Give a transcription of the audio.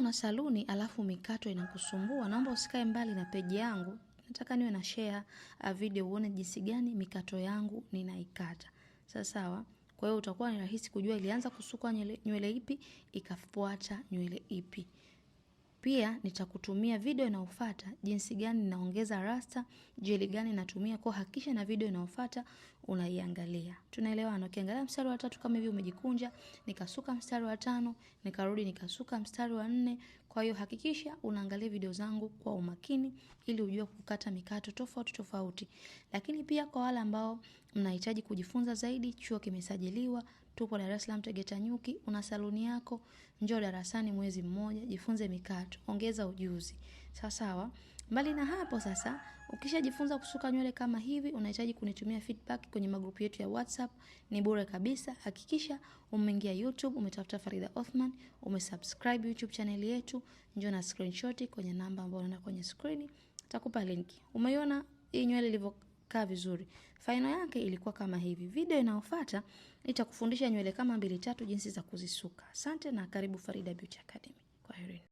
una saluni alafu mikato inakusumbua, naomba usikae mbali na peji yangu. Nataka niwe na share uh, video uone jinsi gani mikato yangu ninaikata. Sawa sawa. Kwa hiyo utakuwa ni rahisi kujua ilianza kusukwa nywele ipi ikafuata nywele ipi. Pia nitakutumia video inayofuata jinsi gani naongeza rasta, jeli gani natumia, kwa hakikisha na video inayofuata unaiangalia. Tunaelewana? Ukiangalia mstari wa tatu kama hivi umejikunja, nikasuka mstari wa tano, nikarudi nikasuka mstari wa nne. Kwa hiyo hakikisha unaangalia video zangu kwa umakini ili ujue kukata mikato tofauti tofauti. Lakini pia kwa wale ambao mnahitaji kujifunza zaidi, chuo kimesajiliwa, tupo Dar es Salaam Tegeta Nyuki, una saluni yako, njoo darasani mwezi mmoja, jifunze mikato watu, ongeza ujuzi. Sawasawa. Mbali na hapo sasa, ukishajifunza kusuka nywele kama hivi, unahitaji kunitumia feedback kwenye magrupu yetu ya WhatsApp, ni bure kabisa. Hakikisha umeingia YouTube, umetafuta Farida Othman, umesubscribe YouTube channel yetu, njoo na screenshot kwenye namba ambayo unaona kwenye screen, takupa linki. Umeiona hii nywele ilivyokaa vizuri. Faino yake ilikuwa kama hivi. Video inayofuata itakufundisha nywele kama mbili tatu jinsi za kuzisuka. Asante na karibu Farida Beauty Academy. Kwaherini.